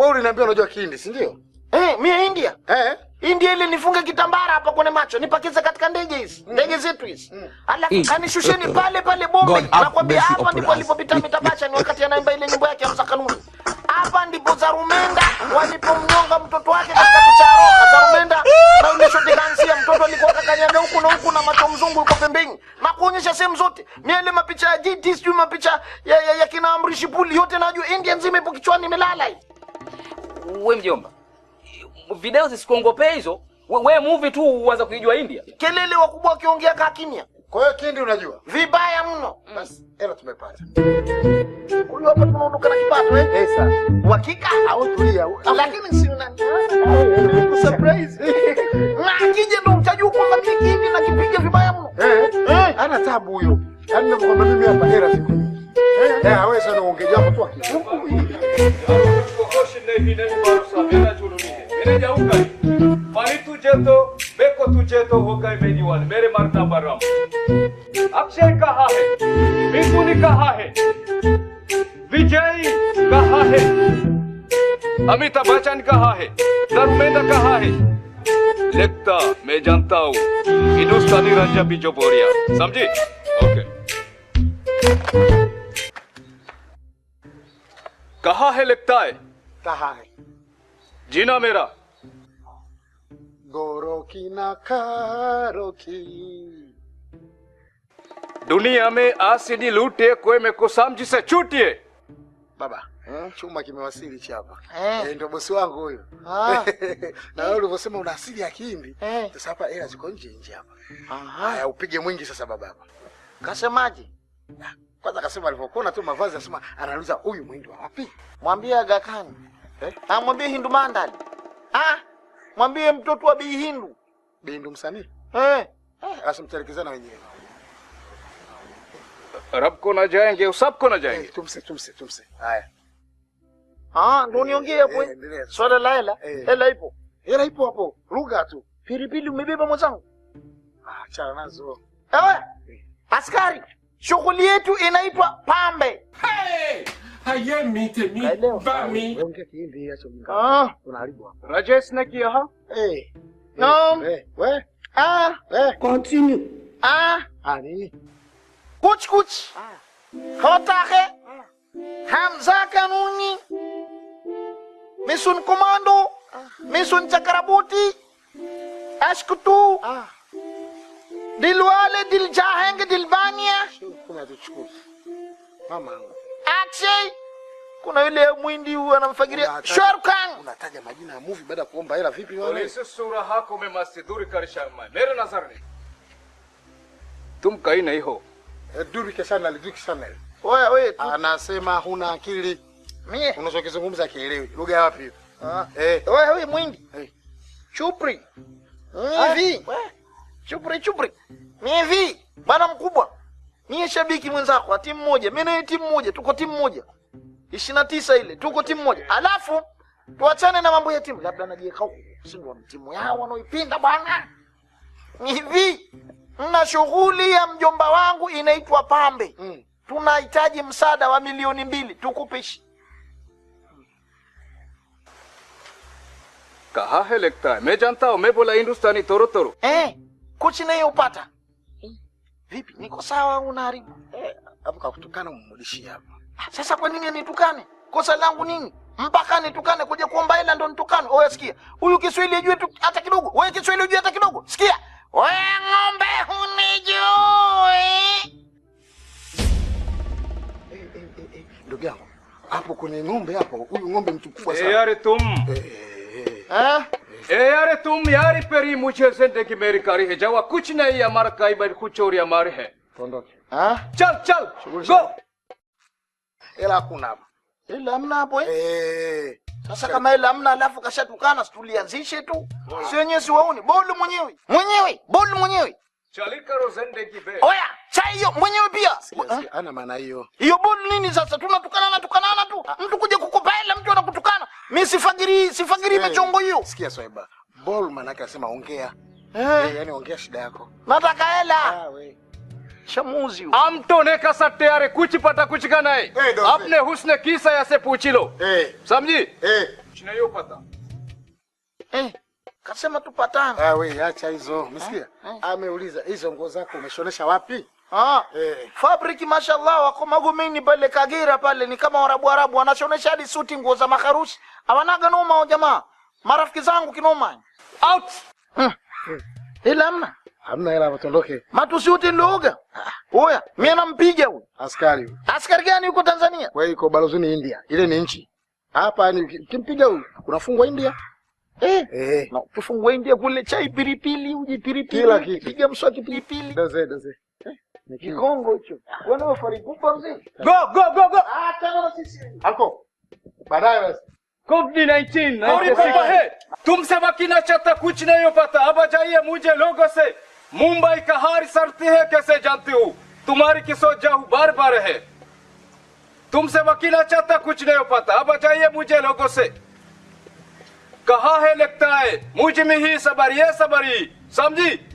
Wewe uliniambia unajua Kihindi, si ndio? Eh, hey, mimi India. Eh. Hey. India ile nifunge kitambara hapa kwenye macho, nipakize katika ndege hizi. Mm. Ndege zetu hizi. Mm. Alafu mm. kanishusheni mm. pale pale Bombe. Nakwambia hapa ndipo alipopita mm. mitabacha ni wakati anaimba ile nyimbo yake ya Msakanuni. Hapa ndipo Zarumenda walipomnyonga mtoto wake katika picha ya roho. Zarumenda na ile shoti kansia mtoto alikuwa kakanyaga huku na huku na macho mzungu yuko pembeni. Na kuonyesha sehemu zote. Mimi ile mapicha ya GT sijui mapicha ya, ya, ya kina Amrishi Puli yote najua India nzima ipo kichwani imelala hii we mjomba, video zisikuongope hizo. We movie tu uanza kuijua India, kelele wakubwa wakiongea kaa kimya. Kwa hiyo Kindi unajua vibaya mno. Mm. Basi hela tumepata, huyu hapa tunaondoka na kipato eh, pesa eh, uhakika au tulia, lakini si una surprise na ndo kwamba Kindi vibaya mno eh, eh? eh? ana tabu huyo, yani mimi hapa hela siku eh, hapo tu નહીં નહીં મારું तो बेको तुझे तो हो गए मेरी वाल मेरे मरता बरम अक्षय कहा है बिंदु ने कहा है विजय कहा है अमिताभ बच्चन कहा है धर्मेंद्र कहा है लिखता मैं जानता हूँ हिंदुस्तानी रंजा बिजो बोरिया समझी ओके कहा है लिखता है कहा है जीना मेरा गोरो की ना खारो की आसिनी लूटे कोई lute kweme kusamjise chutie baba hmm? chuma kimewasili hichi hapa eh. E, ndio bosi wangu huyo ah. na wewe ulivyosema una asili ya Kihindi eh. Sasa hapa hela ziko nje nje hapa haya upige mwingi sasa baba hapa kasemaje kwanza akasema alivyokuona tu mavazi anasema anauliza huyu mwindi wapi? Mwambie Aga Khan. Eh? amwambie ah, Hindu Mandali. Ah, mwambie mtoto wa Bi Hindu. Bi Hindu msanii? Eh. Ah, eh, asimtelekeza wenyewe. रब na ना जाएंगे वो सबको ना जाएंगे tumse tumse तुमसे haya ah ndo niongee hapo eh, swala la hela eh. hela ipo hela ipo hapo ruga tu pilipili umebeba mwenzangu ah chana nazo eh, askari Shughuli yetu inaitwa pambe. Kuch kuch. Ah. ah. Hamza kanuni. Misun komando. Ah. Misun chakarabuti. Ashkutu. Ah. Dilwale diljah nichukue mamangu. Achi kuna yule mwindi huyu anamfagiria Shorkan. Unataja majina ya movie baada ya kuomba hela vipi wewe? Ni Polisi sura hako memasiduri karishama. Mere nazarni. Tum kaina hiyo. Eh, Duri kesana aliduri kesana. Wewe wewe anasema huna akili. Mie unachokizungumza kielewi. Lugha ya wapi Ah. Eh. Oya wewe mwindi. Eh. Chupri. Hivi. Eh. Eh. Chupri chupri. Mie vi. Bana mkubwa niye shabiki mwenzako timu moja, mimi na timu moja, tuko timu moja ishirini na tisa ile tuko timu moja. Alafu tuachane na mambo ya timu, labda najiweka huko, si ndio timu yao wanaoipenda bwana. Hivi mna shughuli ya mjomba wangu inaitwa pambe mm. tunahitaji msaada wa milioni mbili tukupishi kaha hai lagta hai main janta hu main bola hindustani toro toro eh kuch nahi upata Vipi, niko sawa au unaharibu? Eh, hapo kakutukana umrudishie hapo. Ah, sasa kwa nini nitukane? Kosa langu nini? Mpaka nitukane kuja kuomba hela ndo nitukane. Oya, sikia. Huyu Kiswahili ajue tu hata kidogo. Wewe Kiswahili ujue hata kidogo. Sikia. Wewe ng'ombe hunijui. Eh, eh, eh, ndugu yangu, hapo kwenye ng'ombe hapo, huyu ng'ombe mtukufu sana. Eh, yare Eh, eh, eh. Eh? तुम यार परी मुझे से Eğer tum yari है muçesendeki merikari hecawa kuch nahi yamar kaybar kuch aur yamar hai. Kondoki. Ha? Çal çal. Go. Ela kuna. Ela mna hapo A Sasa kama ile amna alafu kashatukana situlianzishe tu. Si wenyewe si wauni. Bolu mwenyewe. Mwenyewe. Bolu mwenyewe. Chalika rozende kibe. Oya, cha hiyo mwenyewe pia. Ana maana hiyo. Hiyo bolu nini sasa? Tunatukana na tukanana tu. Mtu kuja kukupa hela mtu anakutukana. Mimi sifagiri sifagiri hey, hiyo. Sikia Swaiba. Ball manake asema ongea. Eh, hey. Yaani ongea shida yako. Nataka hela. Ah, we. Chamuzi. Am to ne ka satte are pata kuch ka nahi. Hey, Apne husne kisa saya se puch lo. Hey. Samji? Eh. Hey. Kuch nahi pata. Eh. Hey. Kasema tupatane. Ah, we acha hizo. Msikia? Eh, eh. Ameuliza hizo nguo zako umeshonesha wapi? Ah, hey. Eh. Fabric mashallah wako magumini pale Kagira pale ni kama Warabu Arabu wanashonesha hadi suti nguo za makarusi. Hawanaga noma wa jamaa. Marafiki zangu kinoma. Out. Hmm. Hmm. Ila amna. Hamna matondoke. watondoke. Matusiuti ndoga. Ah, oya, mimi nampiga huyo. Askari huyo. Askari gani yuko Tanzania? Wewe yuko balozini India. Ile ni nchi. Hapa ni kimpiga huyo. Unafungwa India. Eh. Eh. Na ukifungwa India kule chai pilipili, uji pilipili. Kila kitu. Piga mswaki pilipili. Daze daze. kikongo hicho mzee go go go go ah tena na sisi baadaye basi COVID-19 कुछ नहीं हो पाता अब मुझे लोगों से मुंबई का हार सरती है कैसे जानती हूँ तुम्हारी की सोच जाऊ बार बार है तुमसे वकील चाहता कुछ नहीं हो पाता अब बचाइए मुझे लोगों से कहा है लगता है मुझ में ही सबर ये सबरी समझी